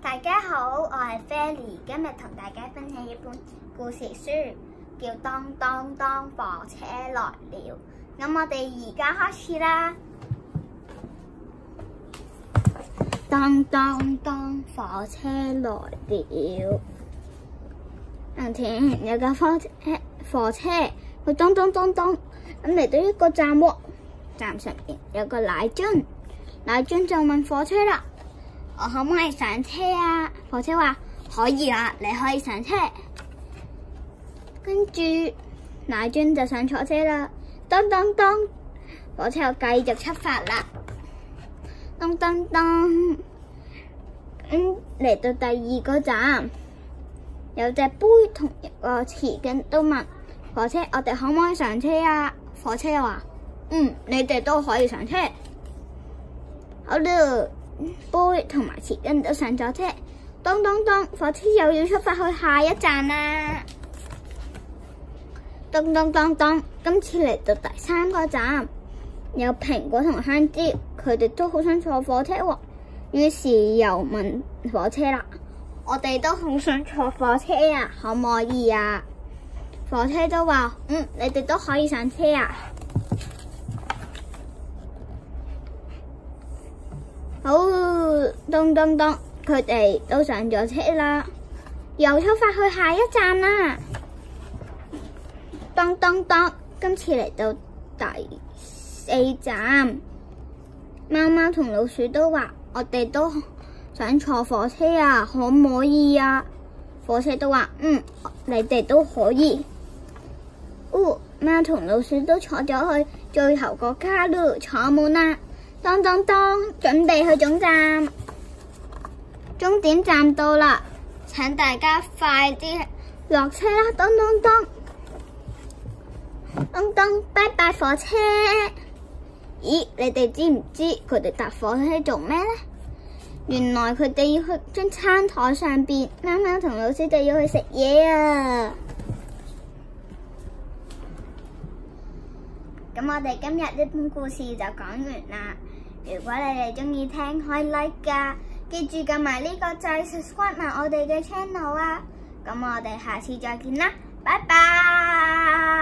大家好，我係 Fely，今日同大家分享一本故事書，叫《當當當火車來了》。咁我哋而家開始啦！當當當火車來了，從前有架火火車，佢當當當當咁嚟到一個站喎、哦、站上面，有個奶樽，奶樽就問火車啦。我可唔可以上車啊？火車話可以啊，你可以上車。跟住奶樽就上錯火車啦，咚咚咚！火車又繼續出發啦，咚咚咚！嗯，嚟到第二個站，有隻杯同一個匙羹都問火車，我哋可唔可以上車啊？火車話：嗯，你哋都可以上車。好啦。杯同埋匙羹都上咗車，咚咚咚！火車又要出發去下一站啦，咚咚咚咚！今次嚟到第三個站，有蘋果同香蕉，佢哋都好想坐火車喎，於是又問火車啦：我哋都好想坐火車啊，可唔可以啊？火車都話：嗯，你哋都可以上車啊！噹噹噹，佢哋都上咗車啦，又出發去下一站啦。噹噹噹，今次嚟到第四站，貓貓同老鼠都話：我哋都想坐火車呀、啊，可唔可以呀、啊？火車都話：嗯，你哋都可以。嗚、哦，貓同老鼠都坐咗去最後個卡路，坐滿啦、啊。噹噹噹，準備去總站。終點站到啦，請大家快啲落車啦！咚咚咚，咚咚，拜拜火車！咦，你哋知唔知佢哋搭火車做咩呢？原來佢哋要去張餐台上邊，啱啱同老師就要去食嘢啊！咁我哋今日呢篇故事就講完啦。如果你哋鍾意聽，可以 like 㗎。記住撳埋呢個掣，subscribe 埋我哋嘅 channel 啊！咁我哋下次再見啦，拜拜。